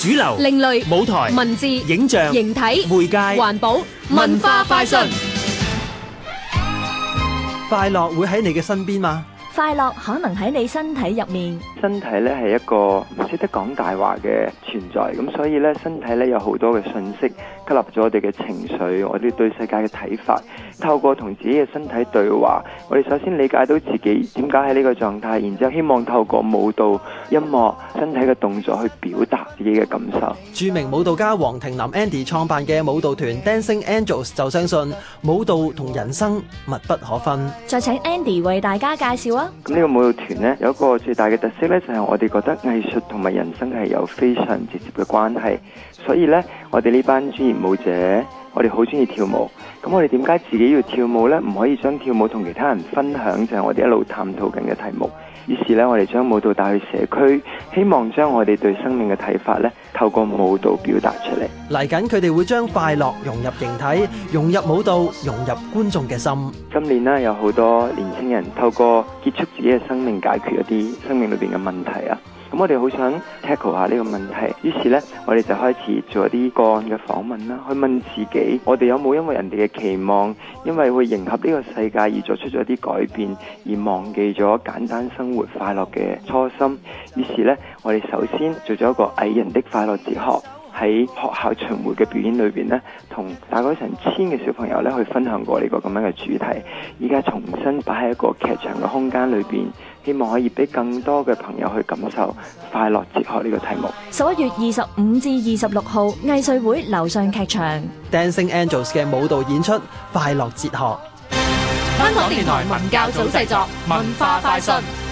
主流、另類、舞台、文字、影像、形體、媒介、環保、文化、快訊，快樂會喺你嘅身邊嗎？快樂可能喺你身體入面，身體咧係一個唔識得講大話嘅存在，咁所以咧身體咧有好多嘅信息，吸納咗我哋嘅情緒，我哋對世界嘅睇法。透過同自己嘅身體對話，我哋首先理解到自己點解喺呢個狀態，然之後希望透過舞蹈、音樂、身體嘅動作去表達自己嘅感受。著名舞蹈家黃庭林 Andy 創辦嘅舞蹈團 Dancing Angels 就相信舞蹈同人生密不可分。再請 Andy 為大家介紹。咁呢個舞蹈團咧，有一個最大嘅特色咧，就係、是、我哋覺得藝術同埋人生係有非常直接嘅關係，所以咧，我哋呢班專業舞者。我哋好中意跳舞，咁我哋點解自己要跳舞呢？唔可以將跳舞同其他人分享，就係我哋一路探討緊嘅題目。於是咧，我哋將舞蹈帶去社區，希望將我哋對生命嘅睇法咧，透過舞蹈表達出嚟。嚟緊佢哋會將快樂融入形體，融入舞蹈，融入觀眾嘅心。今年呢，有好多年輕人透過結束自己嘅生命，解決一啲生命裏邊嘅問題啊！咁我哋好想 tackle 下呢個問題，於是呢，我哋就開始做一啲個案嘅訪問啦，去問自己，我哋有冇因為人哋嘅期望，因為會迎合呢個世界而作出咗一啲改變，而忘記咗簡單生活快樂嘅初心。於是呢，我哋首先做咗一個矮人的快樂哲學。喺學校巡回嘅表演裏面呢，呢同大概成千嘅小朋友咧去分享過呢個咁樣嘅主題。依家重新擺喺一個劇場嘅空間裏面，希望可以俾更多嘅朋友去感受快樂哲學呢個題目。十一月二十五至二十六號藝穗會樓上劇場，Dancing Angels 嘅舞蹈演出《快樂哲學》。香港電台文教組製作，文化快訊。